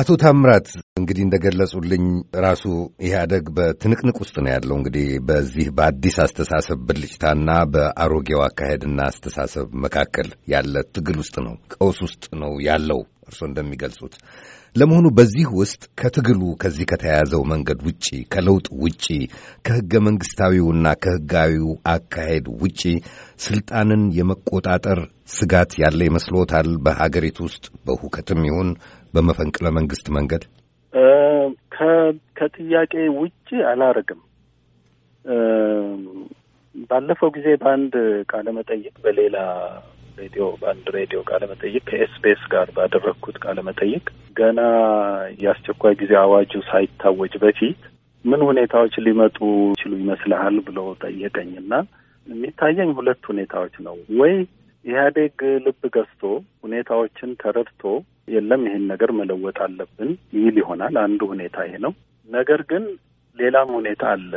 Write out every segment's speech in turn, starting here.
አቶ ታምራት እንግዲህ እንደገለጹልኝ ራሱ ኢህአደግ በትንቅንቅ ውስጥ ነው ያለው። እንግዲህ በዚህ በአዲስ አስተሳሰብ ብልጭታና በአሮጌው አካሄድና አስተሳሰብ መካከል ያለ ትግል ውስጥ ነው፣ ቀውስ ውስጥ ነው ያለው እርስዎ እንደሚገልጹት ለመሆኑ በዚህ ውስጥ ከትግሉ ከዚህ ከተያያዘው መንገድ ውጪ ከለውጥ ውጪ ከሕገ መንግሥታዊውና ከሕጋዊው አካሄድ ውጪ ስልጣንን የመቆጣጠር ስጋት ያለ ይመስሎታል? በሀገሪቱ ውስጥ በሁከትም ይሁን በመፈንቅለ መንግሥት መንገድ ከጥያቄ ውጪ አላረግም። ባለፈው ጊዜ በአንድ ቃለ መጠይቅ በሌላ ሬዲዮ በአንድ ሬዲዮ መጠይቅ ከኤስቢኤስ ጋር ባደረግኩት ቃለመጠይቅ ገና የአስቸኳይ ጊዜ አዋጁ ሳይታወጅ በፊት ምን ሁኔታዎች ሊመጡ ይችሉ ይመስልሃል ብሎ እና የሚታየኝ ሁለት ሁኔታዎች ነው ወይ ኢህአዴግ ልብ ገዝቶ ሁኔታዎችን ተረድቶ የለም ይሄን ነገር መለወጥ አለብን ይል ይሆናል። አንዱ ሁኔታ ይሄ ነው። ነገር ግን ሌላም ሁኔታ አለ።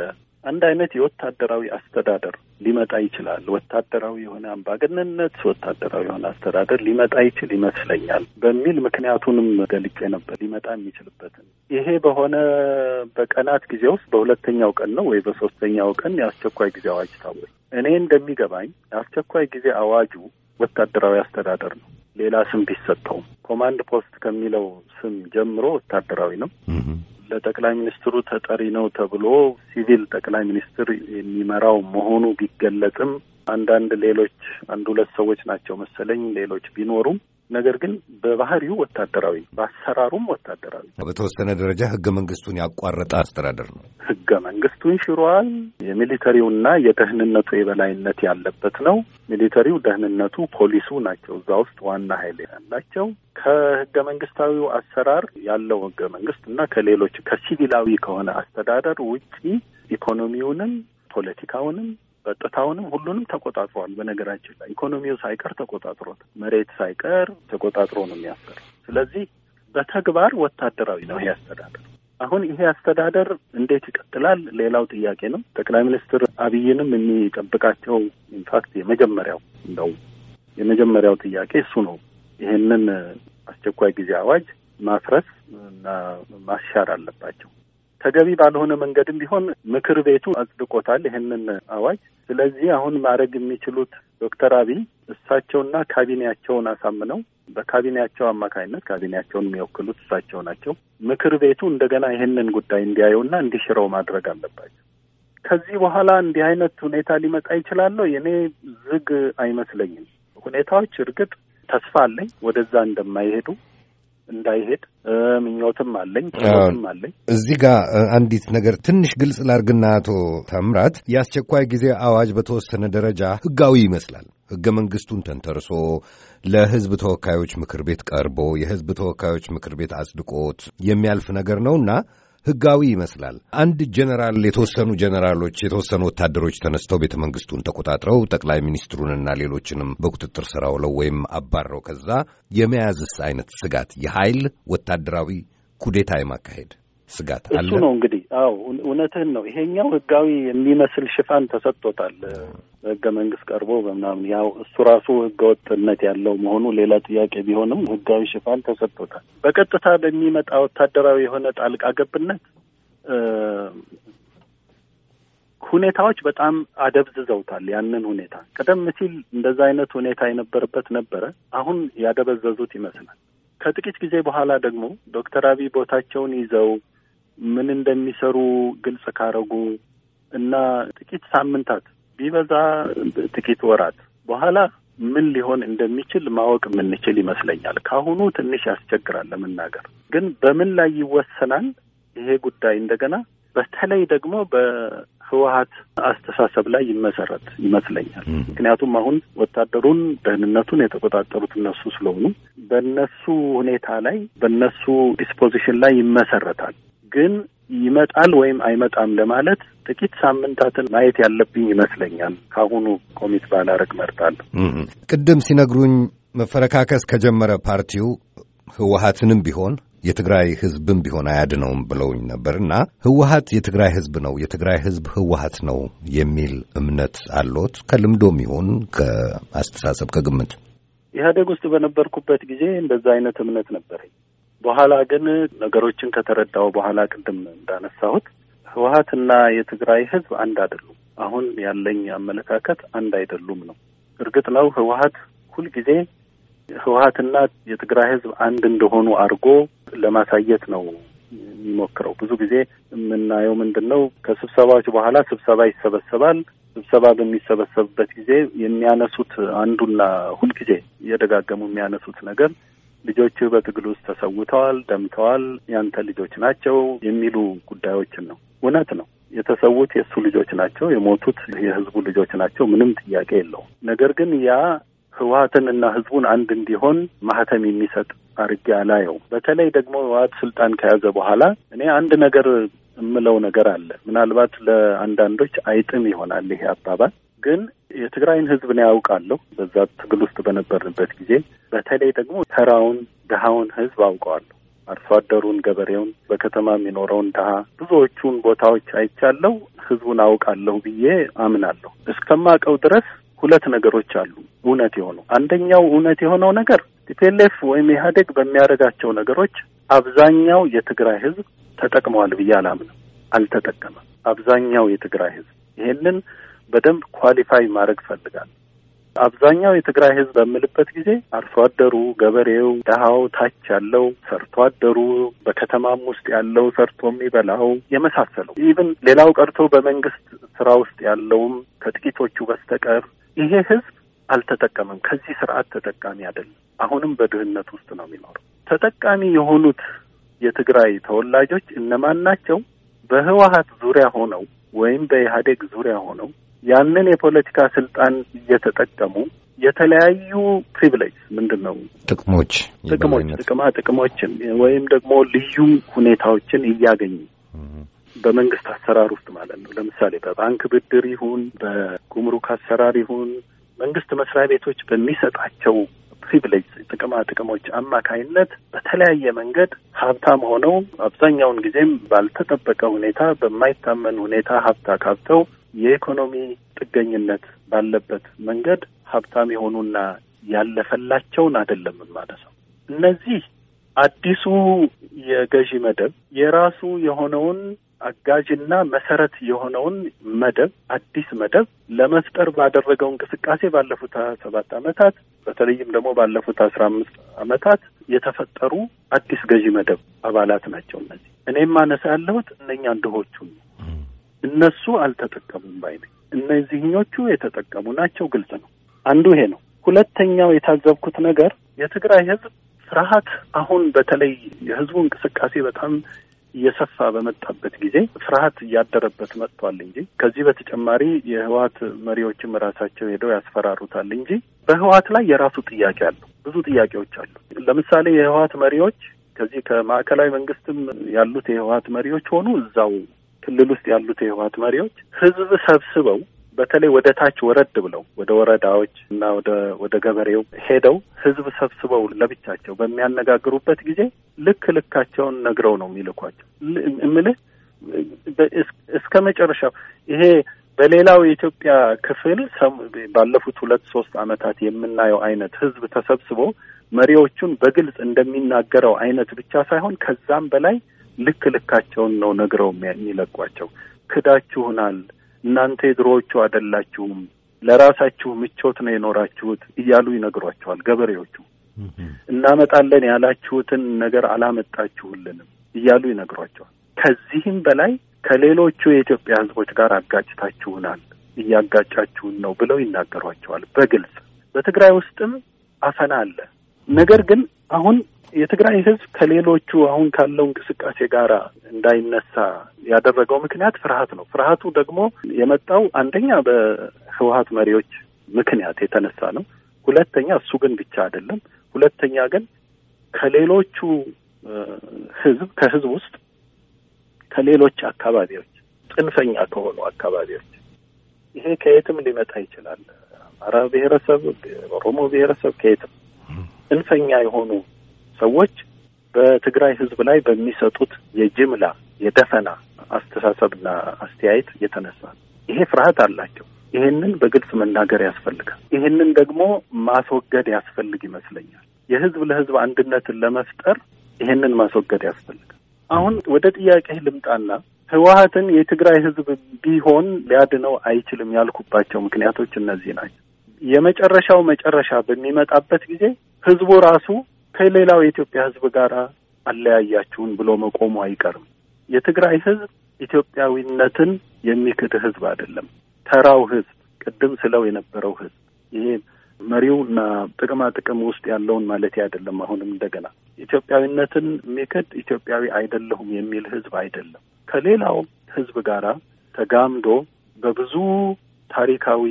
አንድ አይነት የወታደራዊ አስተዳደር ሊመጣ ይችላል። ወታደራዊ የሆነ አምባገነንነት፣ ወታደራዊ የሆነ አስተዳደር ሊመጣ ይችል ይመስለኛል በሚል ምክንያቱንም ገልጬ ነበር ሊመጣ የሚችልበትን። ይሄ በሆነ በቀናት ጊዜ ውስጥ በሁለተኛው ቀን ነው ወይ በሶስተኛው ቀን የአስቸኳይ ጊዜ አዋጅ ታወጀ። እኔ እንደሚገባኝ የአስቸኳይ ጊዜ አዋጁ ወታደራዊ አስተዳደር ነው። ሌላ ስም ቢሰጠውም ኮማንድ ፖስት ከሚለው ስም ጀምሮ ወታደራዊ ነው። ለጠቅላይ ሚኒስትሩ ተጠሪ ነው ተብሎ ሲቪል ጠቅላይ ሚኒስትር የሚመራው መሆኑ ቢገለጥም አንዳንድ ሌሎች አንድ ሁለት ሰዎች ናቸው መሰለኝ ሌሎች ቢኖሩም ነገር ግን በባህሪው ወታደራዊ፣ በአሰራሩም ወታደራዊ፣ በተወሰነ ደረጃ ህገ መንግስቱን ያቋረጠ አስተዳደር ነው። ህገ መንግስቱን ሽሯል። የሚሊተሪውና የደህንነቱ የበላይነት ያለበት ነው። ሚሊተሪው፣ ደህንነቱ፣ ፖሊሱ ናቸው እዛ ውስጥ ዋና ኃይል ያላቸው ከህገ መንግስታዊው አሰራር ያለው ህገ መንግስት እና ከሌሎች ከሲቪላዊ ከሆነ አስተዳደር ውጪ ኢኮኖሚውንም ፖለቲካውንም ጸጥታውንም ሁሉንም ተቆጣጥሯል። በነገራችን ላይ ኢኮኖሚው ሳይቀር ተቆጣጥሮት፣ መሬት ሳይቀር ተቆጣጥሮ ነው የሚያሰራ። ስለዚህ በተግባር ወታደራዊ ነው ይሄ አስተዳደር። አሁን ይሄ አስተዳደር እንዴት ይቀጥላል ሌላው ጥያቄ ነው። ጠቅላይ ሚኒስትር አብይንም የሚጠብቃቸው ኢንፋክት የመጀመሪያው እንደው የመጀመሪያው ጥያቄ እሱ ነው። ይሄንን አስቸኳይ ጊዜ አዋጅ ማፍረስ እና ማስሻር አለባቸው። ተገቢ ባልሆነ መንገድም ቢሆን ምክር ቤቱ አጽድቆታል ይህንን አዋጅ። ስለዚህ አሁን ማድረግ የሚችሉት ዶክተር አብይ እሳቸውና ካቢኔያቸውን አሳምነው በካቢኔያቸው አማካኝነት ካቢኔያቸውን የሚወክሉት እሳቸው ናቸው። ምክር ቤቱ እንደገና ይህንን ጉዳይ እንዲያየውና እንዲሽረው ማድረግ አለባቸው። ከዚህ በኋላ እንዲህ አይነት ሁኔታ ሊመጣ ይችላለሁ የእኔ ዝግ አይመስለኝም። ሁኔታዎች እርግጥ ተስፋ አለኝ ወደዛ እንደማይሄዱ እንዳይሄድ ምኞትም አለኝ ችሎትም አለኝ። እዚህ ጋር አንዲት ነገር ትንሽ ግልጽ ላርግና፣ አቶ ተምራት የአስቸኳይ ጊዜ አዋጅ በተወሰነ ደረጃ ህጋዊ ይመስላል። ህገ መንግስቱን ተንተርሶ ለህዝብ ተወካዮች ምክር ቤት ቀርቦ የህዝብ ተወካዮች ምክር ቤት አጽድቆት የሚያልፍ ነገር ነውና ህጋዊ ይመስላል። አንድ ጀነራል፣ የተወሰኑ ጀነራሎች፣ የተወሰኑ ወታደሮች ተነስተው ቤተ መንግስቱን ተቆጣጥረው ጠቅላይ ሚኒስትሩንና ሌሎችንም በቁጥጥር ስር አውለው ወይም አባረው ከዛ የመያዝስ አይነት ስጋት የኃይል ወታደራዊ ኩዴታ የማካሄድ ስጋት እሱ ነው እንግዲህ። አዎ እውነትህን ነው። ይሄኛው ህጋዊ የሚመስል ሽፋን ተሰጥቶታል በህገ መንግስት ቀርቦ በምናምን። ያው እሱ ራሱ ህገወጥነት ያለው መሆኑ ሌላ ጥያቄ ቢሆንም ህጋዊ ሽፋን ተሰጥቶታል። በቀጥታ በሚመጣ ወታደራዊ የሆነ ጣልቃ ገብነት ሁኔታዎች በጣም አደብዝዘውታል። ያንን ሁኔታ ቀደም ሲል እንደዛ አይነት ሁኔታ የነበረበት ነበረ። አሁን ያደበዘዙት ይመስላል። ከጥቂት ጊዜ በኋላ ደግሞ ዶክተር አብይ ቦታቸውን ይዘው ምን እንደሚሰሩ ግልጽ ካረጉ እና ጥቂት ሳምንታት ቢበዛ ጥቂት ወራት በኋላ ምን ሊሆን እንደሚችል ማወቅ የምንችል ይመስለኛል። ከአሁኑ ትንሽ ያስቸግራል ለመናገር። ግን በምን ላይ ይወሰናል ይሄ ጉዳይ እንደገና በተለይ ደግሞ በህወሀት አስተሳሰብ ላይ ይመሰረት ይመስለኛል። ምክንያቱም አሁን ወታደሩን ደህንነቱን የተቆጣጠሩት እነሱ ስለሆኑ በነሱ ሁኔታ ላይ በነሱ ዲስፖዚሽን ላይ ይመሰረታል። ግን ይመጣል ወይም አይመጣም ለማለት ጥቂት ሳምንታትን ማየት ያለብኝ ይመስለኛል። ከአሁኑ ኮሚት ባላረግ መርጣል። ቅድም ሲነግሩኝ መፈረካከስ ከጀመረ ፓርቲው ህወሀትንም ቢሆን የትግራይ ህዝብም ቢሆን አያድነውም ብለውኝ ነበር እና ህወሀት የትግራይ ህዝብ ነው፣ የትግራይ ህዝብ ህወሀት ነው የሚል እምነት አሎት? ከልምዶም ይሆን ከአስተሳሰብ ከግምት? ኢህአዴግ ውስጥ በነበርኩበት ጊዜ እንደዛ አይነት እምነት ነበረኝ። በኋላ ግን ነገሮችን ከተረዳው በኋላ ቅድም እንዳነሳሁት ህወሀትና የትግራይ ህዝብ አንድ አይደሉም። አሁን ያለኝ አመለካከት አንድ አይደሉም ነው። እርግጥ ነው ህወሀት ሁልጊዜ ህወሀትና የትግራይ ህዝብ አንድ እንደሆኑ አድርጎ ለማሳየት ነው የሚሞክረው። ብዙ ጊዜ የምናየው ምንድን ነው ከስብሰባዎች በኋላ ስብሰባ ይሰበሰባል። ስብሰባ በሚሰበሰብበት ጊዜ የሚያነሱት አንዱና ሁልጊዜ እየደጋገሙ የሚያነሱት ነገር ልጆቹ በትግል ውስጥ ተሰውተዋል፣ ደምተዋል፣ ያንተ ልጆች ናቸው የሚሉ ጉዳዮችን ነው። እውነት ነው። የተሰዉት የእሱ ልጆች ናቸው፣ የሞቱት የህዝቡ ልጆች ናቸው። ምንም ጥያቄ የለውም። ነገር ግን ያ ህወሀትን እና ህዝቡን አንድ እንዲሆን ማህተም የሚሰጥ አድርጌ አላየው። በተለይ ደግሞ ህወሀት ስልጣን ከያዘ በኋላ እኔ አንድ ነገር የምለው ነገር አለ። ምናልባት ለአንዳንዶች አይጥም ይሆናል ይሄ አባባል ግን የትግራይን ህዝብ ነው ያውቃለሁ። በዛ ትግል ውስጥ በነበርንበት ጊዜ በተለይ ደግሞ ተራውን ድሃውን ህዝብ አውቀዋለሁ። አርሶ አደሩን፣ ገበሬውን፣ በከተማ የሚኖረውን ድሀ ብዙዎቹን ቦታዎች አይቻለሁ። ህዝቡን አውቃለሁ ብዬ አምናለሁ። እስከማውቀው ድረስ ሁለት ነገሮች አሉ እውነት የሆነው አንደኛው እውነት የሆነው ነገር ቲፒኤልኤፍ ወይም ኢህአዴግ በሚያደርጋቸው ነገሮች አብዛኛው የትግራይ ህዝብ ተጠቅመዋል ብዬ አላምንም። አልተጠቀመም። አብዛኛው የትግራይ ህዝብ ይሄንን በደንብ ኳሊፋይ ማድረግ ይፈልጋል። አብዛኛው የትግራይ ህዝብ በምልበት ጊዜ አርሶ አደሩ፣ ገበሬው፣ ደሃው ታች ያለው ሰርቶ አደሩ፣ በከተማም ውስጥ ያለው ሰርቶ የሚበላው የመሳሰለው ኢቭን ሌላው ቀርቶ በመንግስት ስራ ውስጥ ያለውም ከጥቂቶቹ በስተቀር ይሄ ህዝብ አልተጠቀመም። ከዚህ ስርዓት ተጠቃሚ አይደለም። አሁንም በድህነት ውስጥ ነው የሚኖረው። ተጠቃሚ የሆኑት የትግራይ ተወላጆች እነማን ናቸው? በህወሀት ዙሪያ ሆነው ወይም በኢህአዴግ ዙሪያ ሆነው ያንን የፖለቲካ ስልጣን እየተጠቀሙ የተለያዩ ፕሪቪሌጅ ምንድን ነው ጥቅሞች ጥቅሞች ጥቅማ ጥቅሞችን ወይም ደግሞ ልዩ ሁኔታዎችን እያገኙ በመንግስት አሰራር ውስጥ ማለት ነው። ለምሳሌ በባንክ ብድር ይሁን በጉምሩክ አሰራር ይሁን መንግስት መስሪያ ቤቶች በሚሰጣቸው ፕሪቪሌጅ ጥቅማ ጥቅሞች አማካይነት በተለያየ መንገድ ሀብታም ሆነው አብዛኛውን ጊዜም ባልተጠበቀ ሁኔታ፣ በማይታመን ሁኔታ ሀብታ ካብተው። የኢኮኖሚ ጥገኝነት ባለበት መንገድ ሀብታም የሆኑና ያለፈላቸውን አይደለም የምናነሳው። እነዚህ አዲሱ የገዢ መደብ የራሱ የሆነውን አጋዥና መሰረት የሆነውን መደብ አዲስ መደብ ለመፍጠር ባደረገው እንቅስቃሴ ባለፉት ሀያ ሰባት አመታት በተለይም ደግሞ ባለፉት አስራ አምስት አመታት የተፈጠሩ አዲስ ገዢ መደብ አባላት ናቸው። እነዚህ እኔም ማነሳ ያለሁት እነኛን ድሆቹን ነው። እነሱ አልተጠቀሙም ባይ ነኝ። እነዚህኞቹ የተጠቀሙ ናቸው። ግልጽ ነው። አንዱ ይሄ ነው። ሁለተኛው የታዘብኩት ነገር የትግራይ ህዝብ ፍርሃት አሁን በተለይ የህዝቡ እንቅስቃሴ በጣም እየሰፋ በመጣበት ጊዜ ፍርሃት እያደረበት መጥቷል እንጂ ከዚህ በተጨማሪ የህወሓት መሪዎችም ራሳቸው ሄደው ያስፈራሩታል እንጂ በህወሓት ላይ የራሱ ጥያቄ አሉ። ብዙ ጥያቄዎች አሉ። ለምሳሌ የህወሓት መሪዎች ከዚህ ከማዕከላዊ መንግስትም ያሉት የህወሓት መሪዎች ሆኑ እዛው ክልል ውስጥ ያሉት የህወሀት መሪዎች ህዝብ ሰብስበው በተለይ ወደ ታች ወረድ ብለው ወደ ወረዳዎች እና ወደ ወደ ገበሬው ሄደው ህዝብ ሰብስበው ለብቻቸው በሚያነጋግሩበት ጊዜ ልክ ልካቸውን ነግረው ነው የሚልኳቸው። እምልህ እስከ መጨረሻው ይሄ በሌላው የኢትዮጵያ ክፍል ባለፉት ሁለት ሶስት አመታት የምናየው አይነት ህዝብ ተሰብስቦ መሪዎቹን በግልጽ እንደሚናገረው አይነት ብቻ ሳይሆን ከዛም በላይ ልክ ልካቸውን ነው ነግረው የሚለቋቸው። ክዳችሁናል፣ እናንተ የድሮዎቹ አይደላችሁም፣ ለራሳችሁ ምቾት ነው የኖራችሁት እያሉ ይነግሯቸዋል ገበሬዎቹ። እናመጣለን ያላችሁትን ነገር አላመጣችሁልንም እያሉ ይነግሯቸዋል። ከዚህም በላይ ከሌሎቹ የኢትዮጵያ ሕዝቦች ጋር አጋጭታችሁናል፣ እያጋጫችሁን ነው ብለው ይናገሯቸዋል በግልጽ። በትግራይ ውስጥም አፈና አለ። ነገር ግን አሁን የትግራይ ህዝብ ከሌሎቹ አሁን ካለው እንቅስቃሴ ጋር እንዳይነሳ ያደረገው ምክንያት ፍርሃት ነው። ፍርሃቱ ደግሞ የመጣው አንደኛ በህወሀት መሪዎች ምክንያት የተነሳ ነው። ሁለተኛ እሱ ግን ብቻ አይደለም። ሁለተኛ ግን ከሌሎቹ ህዝብ ከህዝብ ውስጥ ከሌሎች አካባቢዎች ጽንፈኛ ከሆኑ አካባቢዎች ይሄ ከየትም ሊመጣ ይችላል። አማራ ብሔረሰብ፣ ኦሮሞ ብሔረሰብ ከየትም ጽንፈኛ የሆኑ ሰዎች በትግራይ ህዝብ ላይ በሚሰጡት የጅምላ የደፈና አስተሳሰብና አስተያየት የተነሳ ይሄ ፍርሃት አላቸው። ይሄንን በግልጽ መናገር ያስፈልጋል። ይሄንን ደግሞ ማስወገድ ያስፈልግ ይመስለኛል። የህዝብ ለህዝብ አንድነትን ለመፍጠር ይሄንን ማስወገድ ያስፈልጋል። አሁን ወደ ጥያቄ ልምጣና ህወሀትን የትግራይ ህዝብ ቢሆን ሊያድነው አይችልም ያልኩባቸው ምክንያቶች እነዚህ ናቸው። የመጨረሻው መጨረሻ በሚመጣበት ጊዜ ህዝቡ ራሱ ከሌላው የኢትዮጵያ ሕዝብ ጋር አለያያችሁን ብሎ መቆሙ አይቀርም። የትግራይ ሕዝብ ኢትዮጵያዊነትን የሚክድ ሕዝብ አይደለም። ተራው ሕዝብ ቅድም ስለው የነበረው ሕዝብ ይሄ መሪው እና ጥቅማ ጥቅም ውስጥ ያለውን ማለት አይደለም። አሁንም እንደገና ኢትዮጵያዊነትን የሚክድ ኢትዮጵያዊ አይደለሁም የሚል ሕዝብ አይደለም። ከሌላው ሕዝብ ጋራ ተጋምዶ በብዙ ታሪካዊ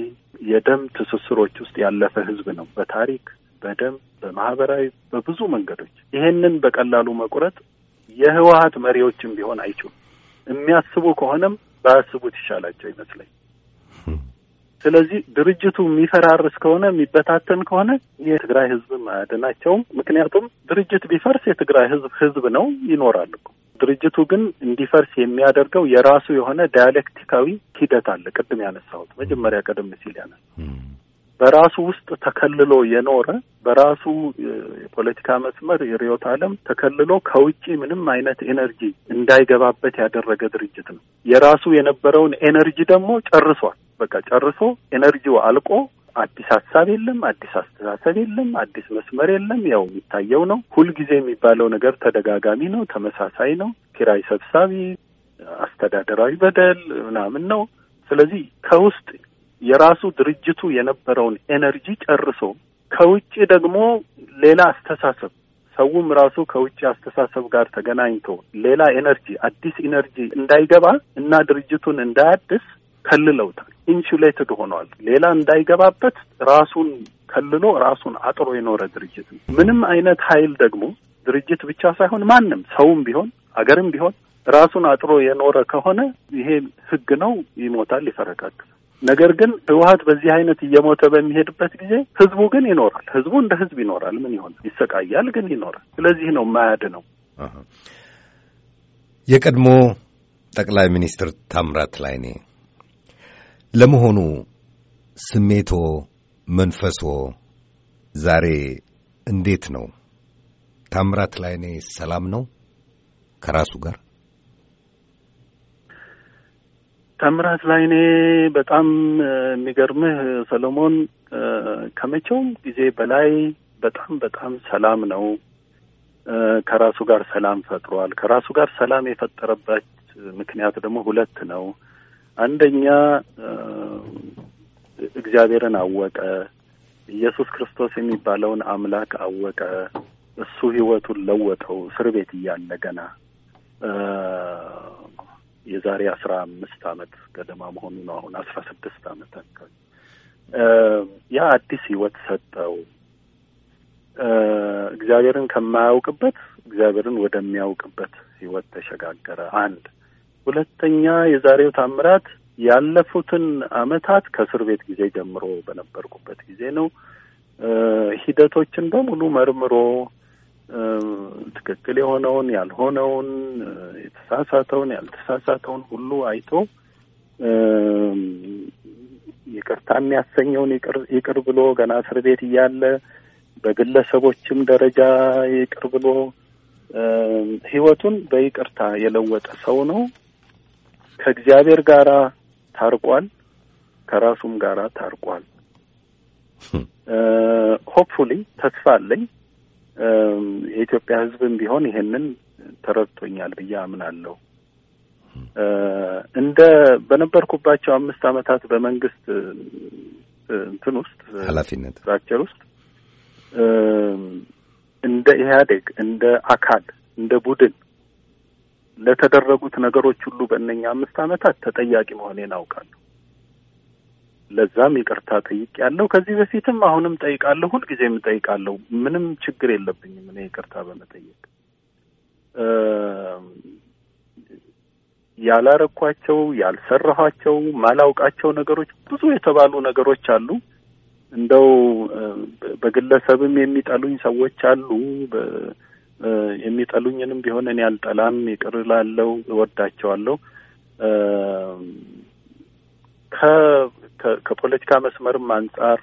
የደም ትስስሮች ውስጥ ያለፈ ህዝብ ነው። በታሪክ በደም በማህበራዊ በብዙ መንገዶች ይሄንን በቀላሉ መቁረጥ የህወሀት መሪዎችም ቢሆን አይችሉም። የሚያስቡ ከሆነም ባያስቡት ይሻላቸው ይመስለኝ። ስለዚህ ድርጅቱ የሚፈራርስ ከሆነ የሚበታተን ከሆነ የትግራይ ህዝብ አያድናቸውም። ምክንያቱም ድርጅት ቢፈርስ የትግራይ ህዝብ ህዝብ ነው ይኖራል እኮ። ድርጅቱ ግን እንዲፈርስ የሚያደርገው የራሱ የሆነ ዳያሌክቲካዊ ሂደት አለ። ቅድም ያነሳሁት መጀመሪያ ቀደም ሲል ያነሳ በራሱ ውስጥ ተከልሎ የኖረ በራሱ የፖለቲካ መስመር የርዕዮተ ዓለም ተከልሎ ከውጭ ምንም አይነት ኤነርጂ እንዳይገባበት ያደረገ ድርጅት ነው። የራሱ የነበረውን ኤነርጂ ደግሞ ጨርሷል። በቃ ጨርሶ ኤነርጂው አልቆ አዲስ ሀሳብ የለም፣ አዲስ አስተሳሰብ የለም፣ አዲስ መስመር የለም። ያው የሚታየው ነው። ሁልጊዜ የሚባለው ነገር ተደጋጋሚ ነው፣ ተመሳሳይ ነው። ኪራይ ሰብሳቢ፣ አስተዳደራዊ በደል ምናምን ነው። ስለዚህ ከውስጥ የራሱ ድርጅቱ የነበረውን ኤነርጂ ጨርሶ ከውጭ ደግሞ ሌላ አስተሳሰብ ሰውም ራሱ ከውጭ አስተሳሰብ ጋር ተገናኝቶ ሌላ ኤነርጂ አዲስ ኤነርጂ እንዳይገባ እና ድርጅቱን እንዳያድስ ከልለውታል። ኢንሱሌትድ ሆኗል። ሌላ እንዳይገባበት ራሱን ከልሎ ራሱን አጥሮ የኖረ ድርጅት ነው። ምንም አይነት ኃይል ደግሞ ድርጅት ብቻ ሳይሆን ማንም ሰውም ቢሆን አገርም ቢሆን ራሱን አጥሮ የኖረ ከሆነ ይሄ ህግ ነው፣ ይሞታል፣ ይፈረካክሳል። ነገር ግን ህወሀት በዚህ አይነት እየሞተ በሚሄድበት ጊዜ ህዝቡ ግን ይኖራል። ህዝቡ እንደ ህዝብ ይኖራል። ምን ይሆን ይሰቃያል፣ ግን ይኖራል። ስለዚህ ነው ማያድ ነው። የቀድሞ ጠቅላይ ሚኒስትር ታምራት ላይኔ ለመሆኑ ስሜቶ መንፈሶ ዛሬ እንዴት ነው? ታምራት ላይኔ ሰላም ነው ከራሱ ጋር? ላይ ላይኔ በጣም የሚገርምህ ሰለሞን ከመቼውም ጊዜ በላይ በጣም በጣም ሰላም ነው። ከራሱ ጋር ሰላም ፈጥሯል። ከራሱ ጋር ሰላም የፈጠረበት ምክንያት ደግሞ ሁለት ነው። አንደኛ እግዚአብሔርን አወቀ። ኢየሱስ ክርስቶስ የሚባለውን አምላክ አወቀ። እሱ ሕይወቱን ለወጠው። እስር ቤት እያለ ገና የዛሬ አስራ አምስት አመት ገደማ መሆኑ ነው። አሁን አስራ ስድስት አመት አካባቢ ያ አዲስ ህይወት ሰጠው። እግዚአብሔርን ከማያውቅበት እግዚአብሔርን ወደሚያውቅበት ህይወት ተሸጋገረ። አንድ ሁለተኛ፣ የዛሬው ታምራት ያለፉትን አመታት ከእስር ቤት ጊዜ ጀምሮ በነበርኩበት ጊዜ ነው ሂደቶችን በሙሉ መርምሮ ትክክል የሆነውን ያልሆነውን፣ የተሳሳተውን ያልተሳሳተውን ሁሉ አይቶ ይቅርታ የሚያሰኘውን ይቅር ብሎ ገና እስር ቤት እያለ በግለሰቦችም ደረጃ ይቅር ብሎ ሕይወቱን በይቅርታ የለወጠ ሰው ነው። ከእግዚአብሔር ጋራ ታርቋል፣ ከራሱም ጋራ ታርቋል። hm. ሆፕፉሊ ተስፋ አለኝ የኢትዮጵያ ሕዝብም ቢሆን ይሄንን ተረድቶኛል ብዬ አምናለሁ። እንደ በነበርኩባቸው አምስት ዓመታት በመንግስት እንትን ውስጥ ኃላፊነት ስትራክቸር ውስጥ እንደ ኢህአዴግ እንደ አካል እንደ ቡድን ለተደረጉት ነገሮች ሁሉ በእነኛ አምስት ዓመታት ተጠያቂ መሆኔን አውቃለሁ። ለዛም ይቅርታ ያለው ከዚህ በፊትም አሁንም ጠይቃለሁ፣ ሁልጊዜም ጠይቃለሁ። ምንም ችግር የለብኝም እኔ ይቅርታ በመጠየቅ ያላረኳቸው ያልሰራኋቸው ማላውቃቸው ነገሮች ብዙ የተባሉ ነገሮች አሉ። እንደው በግለሰብም የሚጠሉኝ ሰዎች አሉ። የሚጠሉኝንም ቢሆን እኔ አልጠላም፣ ይቅር እላለሁ፣ እወዳቸዋለሁ። ከፖለቲካ መስመርም አንጻር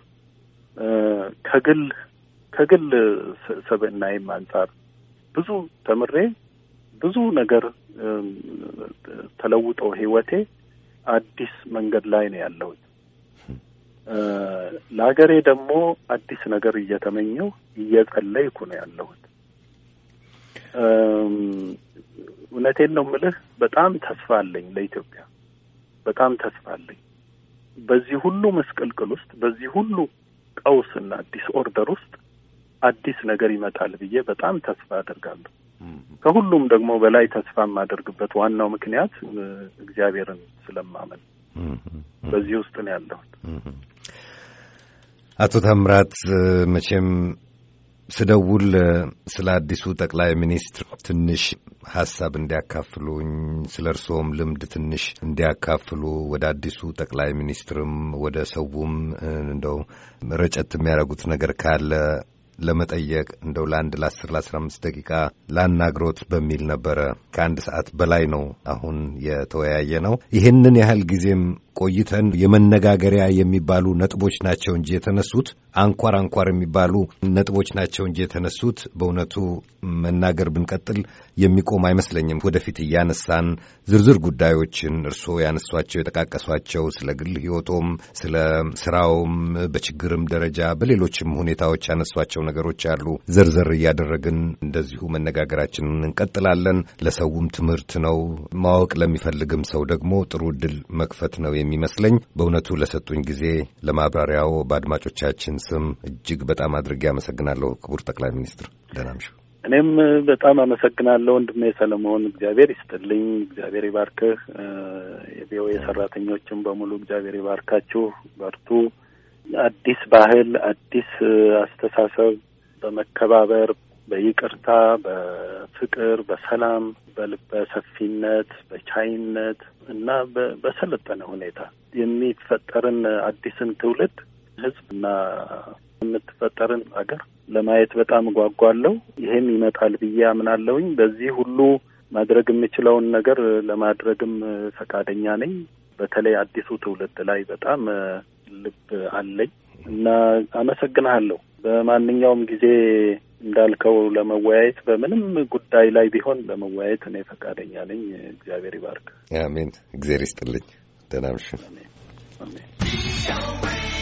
ከግል ከግል ሰብዕናዬም አንጻር ብዙ ተምሬ ብዙ ነገር ተለውጦ ህይወቴ አዲስ መንገድ ላይ ነው ያለሁት። ለሀገሬ ደግሞ አዲስ ነገር እየተመኘው እየጸለይኩ ነው ያለሁት። እውነቴን ነው ምልህ። በጣም ተስፋ አለኝ ለኢትዮጵያ፣ በጣም ተስፋ አለኝ። በዚህ ሁሉ ምስቅልቅል ውስጥ በዚህ ሁሉ ቀውስና ኦርደር ውስጥ አዲስ ነገር ይመጣል ብዬ በጣም ተስፋ አደርጋለሁ። ከሁሉም ደግሞ በላይ ተስፋ የማደርግበት ዋናው ምክንያት እግዚአብሔርን ስለማመን በዚህ ውስጥ ነው ያለሁት። አቶ ታምራት መቼም ስደውል ስለ አዲሱ ጠቅላይ ሚኒስትር ትንሽ ሀሳብ እንዲያካፍሉኝ ስለ እርስዎም ልምድ ትንሽ እንዲያካፍሉ ወደ አዲሱ ጠቅላይ ሚኒስትርም ወደ ሰውም እንደው ረጨት የሚያደርጉት ነገር ካለ ለመጠየቅ እንደው ለአንድ ለአስር ለአስራ አምስት ደቂቃ ላናግሮት በሚል ነበረ። ከአንድ ሰዓት በላይ ነው አሁን የተወያየ ነው። ይህንን ያህል ጊዜም ቆይተን የመነጋገሪያ የሚባሉ ነጥቦች ናቸው እንጂ የተነሱት አንኳር አንኳር የሚባሉ ነጥቦች ናቸው እንጂ የተነሱት በእውነቱ መናገር ብንቀጥል የሚቆም አይመስለኝም። ወደፊት እያነሳን ዝርዝር ጉዳዮችን እርስዎ ያነሷቸው የጠቃቀሷቸው ስለ ግል ሕይወቶም ስለ ስራውም በችግርም ደረጃ በሌሎችም ሁኔታዎች ያነሷቸው ነገሮች አሉ። ዘርዘር እያደረግን እንደዚሁ መነጋገራችንን እንቀጥላለን። ለሰውም ትምህርት ነው፣ ማወቅ ለሚፈልግም ሰው ደግሞ ጥሩ እድል መክፈት ነው የሚመስለኝ። በእውነቱ ለሰጡኝ ጊዜ፣ ለማብራሪያው በአድማጮቻችን ስም እጅግ በጣም አድርጌ አመሰግናለሁ ክቡር ጠቅላይ ሚኒስትር። ደህና እምሹ። እኔም በጣም አመሰግናለሁ ወንድሜ ሰለሞን። እግዚአብሔር ይስጥልኝ፣ እግዚአብሔር ይባርክህ። የቪኦኤ ሰራተኞችም በሙሉ እግዚአብሔር ይባርካችሁ፣ በርቱ። አዲስ ባህል፣ አዲስ አስተሳሰብ፣ በመከባበር በይቅርታ፣ በፍቅር፣ በሰላም፣ በልበ ሰፊነት፣ በቻይነት እና በሰለጠነ ሁኔታ የሚፈጠርን አዲስን ትውልድ ህዝብ እና የምትፈጠርን አገር ለማየት በጣም እጓጓለሁ። ይሄም ይመጣል ብዬ አምናለሁኝ። በዚህ ሁሉ ማድረግ የምችለውን ነገር ለማድረግም ፈቃደኛ ነኝ። በተለይ አዲሱ ትውልድ ላይ በጣም ልብ አለኝ እና አመሰግንሃለሁ። በማንኛውም ጊዜ እንዳልከው ለመወያየት በምንም ጉዳይ ላይ ቢሆን ለመወያየት እኔ ፈቃደኛ ነኝ። እግዚአብሔር ይባርክ። አሜን። እግዚአብሔር ይስጥልኝ። ደህና ምሽት። አሜን።